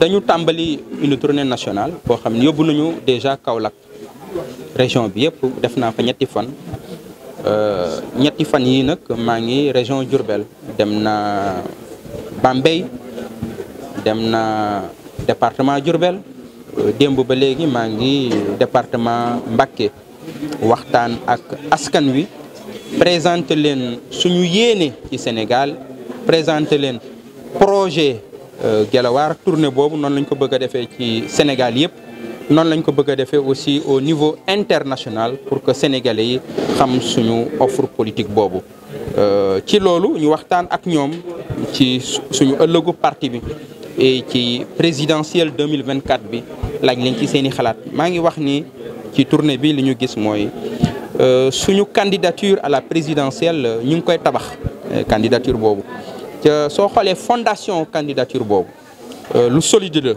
dañu tàmbali une tournée nationale boo xam ne yóbbu nañu déjà Kaolack région bi yëpp def naa fa ñetti fan euh, ñetti fan yii nag maa ngi région Diourbel dem na Bambey dem na département Diourbel euh, démb ba léegi maa ngi département Mbacké waxtaan ak askan wi présenter leen suñu yéene ci Sénégal présenter leen projet Euh, Gelawaar tournée boobu noonu lañ ko bëgg a defee ci Sénégal yëpp noonu lañ ko bëgg a defee aussi au niveau international pour que sénégalais yi xam suñu offre politique boobu. Euh, ci loolu ñu waxtaan ak ñoom ci suñu ëllëgu parti bi et ci présidentielle 2024 bi laaj leen ci seen i xalaat maa ngi wax ni ci tournée bi li ñu gis mooy euh, suñu candidature à la présidentielle ñu ngi koy tabax candidature boobu. soo xoolee fondation candidature boobu euh, lu solide la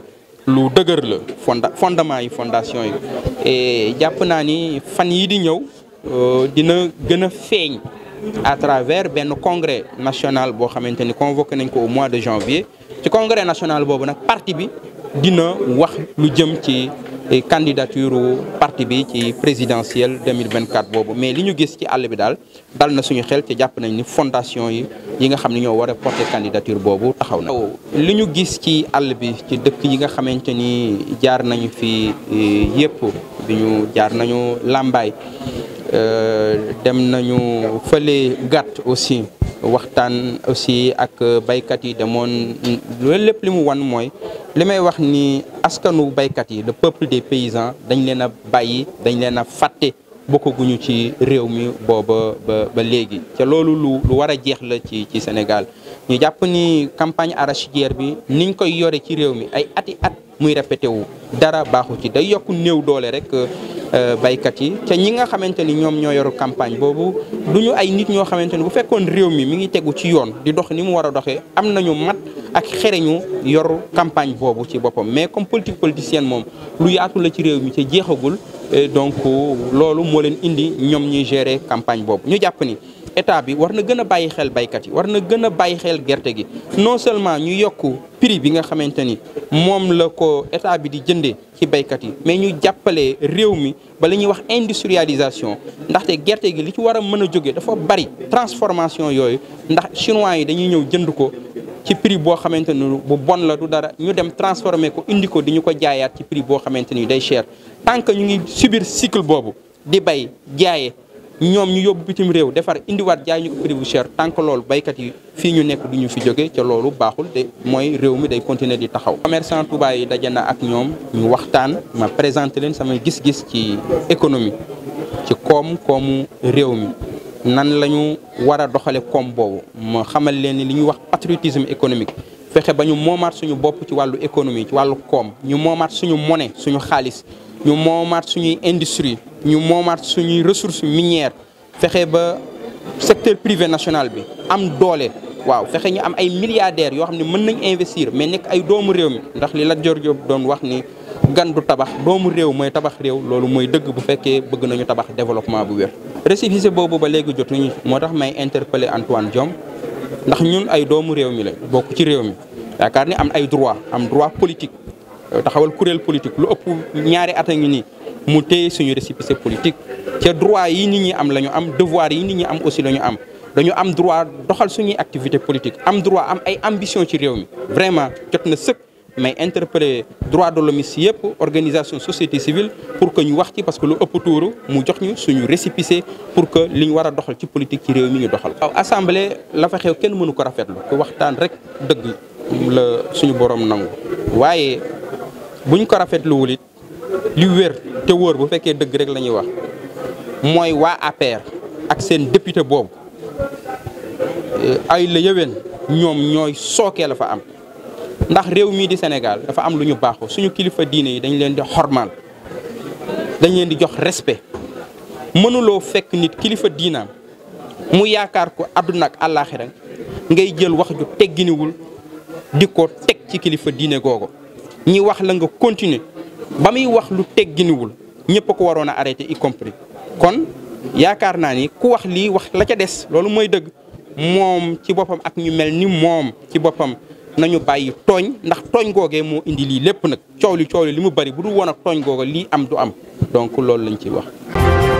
lu dëgër la fonda fondement yi fondation yi et jàpp naa ni fan yii di ñëw euh, dina gën a feeñ à travers benn congrès national boo xamante ni convoqué nañ ko au mois de janvier ci congrès national boobu nag parti bi dina wax lu jëm ci candidature parti bi ci présidentielle 2024 boobu mais li ñu gis ci àll bi daal dal na suñu xel ci jàpp nañ ni fondation yi yi nga xam ne ñoo war a porter candidature boobu taxaw na. li ñu gis ci àll bi ci dëkk yi nga xamante ni jaar nañu fi e, yépp bi ñu jaar nañu làmbaay e, dem nañu fële gàtt aussi waxtaan aussi ak baykat yi demoon loolu lépp li mu wan mooy. li may wax ni askanu baykat yi le peuple des paysan dañ leen a bàyyi dañ leen a fàtte bokkaguñu ci réew mi booba ba léegi te loolu lu lu war a jeex la ci ci Sénégal ñu jàpp ni campagne arachidière bi niñ koy yore ci réew mi ay ati at muy répété wu dara baaxu ci day yokk néew doole rek euh, baykat yi te ñi nga xamante ni ñoom ñoo yoru campagne boobu du ñu ay nit ñoo xamante ni bu fekkoon réew mi mi ngi tegu ci yoon di dox ni mu war a doxee am nañu mat ak xereñu yor campagne boobu ci boppam mais comme politique politicienne moom lu yaatu la ci réew mi ca jeexagul donc loolu moo leen indi ñoom ñuy gérer campagne boobu ñu jàpp ni état bi war na gën a bàyyi xel baykat yi war na gën a bàyyi xel gerte gi non seulement ñu yokk prix bi nga xamante ni moom la ko état bi di jëndee ci baykat yi mais ñu jàppale réew mi ba li ñuy wax industrialisation ndaxte gerte gi li ci war a mën a jóge dafa bari transformation yooyu ci prix boo xamante ni bu bon la du dara ñu dem transformer ko indi ko di ñu ko jaayaat ci prix boo xamante ni day cher tant que ñu ngi subir cycle boobu di bay jaayee ñoom ñu yóbbu bitim réew defar indiwaat jaay ñu ko prix bu cher tant loolu baykat yi fii ñu nekk duñu fi jóge ca loolu baaxul de mooy réew mi day continuer di taxaw. commerçant Touba yi daje na ak ñoom ñu waxtaan ma présenté leen samay gis-gis ci économie ci koom koomu réew mi nan la ñu war a doxale koom boobu patriotisme économique fexe ba ñu moomaat suñu bopp ci wàllu économie ci wàllu koom ñu moomaat suñu monnaie suñu xaalis ñu moomaat suñuy industrie ñu moomaat suñuy ressource minières fexe ba secteur privé national bi am doole waaw fexe ñu am ay milliardaires yoo xam ne mën nañ investir mais nekk ay doomu réew mi ndax li la jor Diop doon wax ni gan du tabax doomu réew mooy tabax réew loolu mooy dëgg bu fekkee bëgg nañu tabax développement bu wér récépissé boobu ba léegi jotuñu moo tax may interpeller Antoine Diome ndax ñun ay doomu réew mi lañ bokk ci réew mi yaakaar ni am ay droit am droit politique euh, taxawal kuréel politique lu ëpp ñaari at a ngi nii mu téye suñu récépissé politique ca droit yi nit ñi am lañu am devoir yi nit ñi am aussi la ñu am dañu am droit doxal suñuy activité politique am droit am ay ambition ci réew mi vraiment jot na sëkk may interpeller droit de l'homme si yëpp organisation société civile pour que ñu wax ci parce que lu ëpp tuuru mu jox ñu suñu récépissé pour que li ñu war a doxal ci politique ci réew mi ñu doxal. waaw assemblée la fa xew kenn mënu ko rafetlu ku waxtaan rek dëgg la suñu borom nangu waaye buñ ko rafetluwul it li wér te wóor bu fekkee dëgg rek la ñuy wax mooy waa APR ak seen député boobu ay la yëwén ñoom ñooy sookee la fa am. ndax réew mii di Sénégal dafa am lu ñu baaxoo suñu kilifa diine yi dañ leen di xormal dañ leen di jox respect mënuloo fekk nit kilifa diinaam mu yaakaar ko àdduna ak àllaaxira ngay jël wax ju tegginiwul di ko teg ci kilifa diine googu ñi wax la nga continuer ba muy wax lu tegginiwul ñëpp ko waroon a arrêté y compris kon yaakaar naa ni ku wax lii wax la ca des loolu mooy dëgg moom ci boppam ak ñu mel ni moom ci boppam nañu bàyyi tooñ ndax tooñ googee moo indi lii lépp nag coow li coow li li mu bari bu dul woon ak tooñ googa lii am du am donc loolu lañ ciy wax